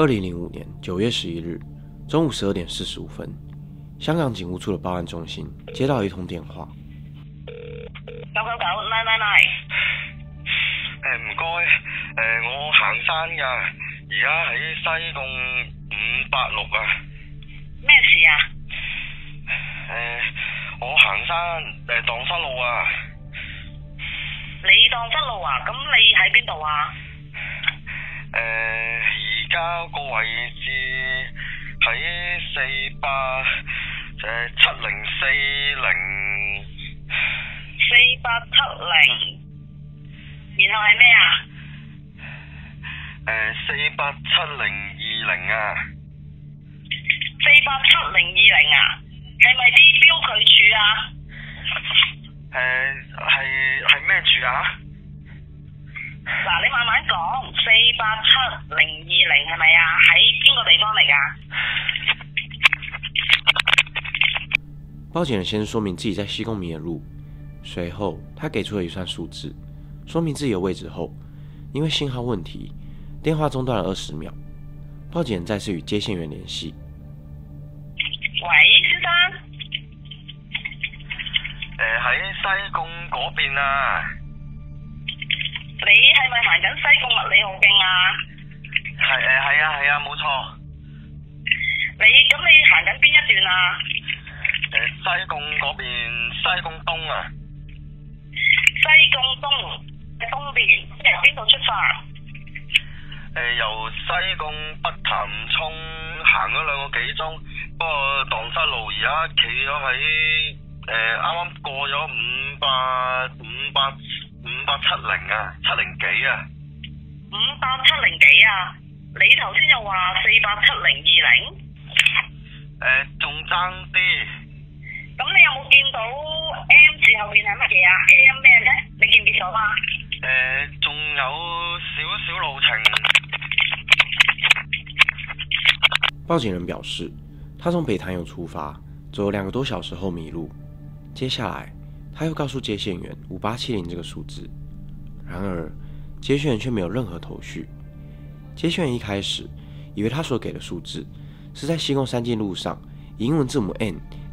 二零零五年九月十一日中午十二點四十五分，香港警務處的報案中心接到一通電話。九九九，喂喂喂。誒，唔該。誒，我行山㗎，而家喺西貢五八六啊。咩事啊？誒、欸，我行山，誒、欸，蕩失路啊。你蕩失路啊？咁你喺邊度啊？誒、呃，七零四零四八七零，然後係咩啊？誒、呃，四八七零二零啊？四八七零二零啊？係咪啲標距柱啊？誒、呃，係係咩柱啊？嗱，你慢慢講，四八七零二零係咪啊？喺邊個地方嚟㗎？ 報警人先說明自己在西貢迷了路，隨後他給出了一串數字，說明自己的位置後，因為信號問題，電話中斷了二十秒。報警人再次與接線員聯繫。喂，先生？誒、呃，喺西貢嗰邊啊？你係咪行緊西貢麥理浩徑啊？係誒，係、呃、啊，係啊，冇錯。你咁你行緊邊一段啊？西貢嗰邊，西貢東啊，西貢東喺東邊，由邊度出發、啊？誒、呃，由西貢北潭涌行咗兩個幾鐘，不過蕩失路而家企咗喺誒，啱、呃、啱過咗五百五百五百七零啊，七零幾啊？五百七零幾啊？你頭先又話四百七零二零？誒，仲爭啲。咁你有冇見到 M 字後面係乜嘢啊？M 咩呢？你見唔見到啊？誒、呃，仲有少少路程。報警人表示，他從北潭涌出發，走了兩個多小時後迷路。接下來，他又告訴接線員五八七零這個數字，然而接線員卻沒有任何頭緒。接線員一開始以為他所給的數字是在西貢三徑路上以英文字母 N。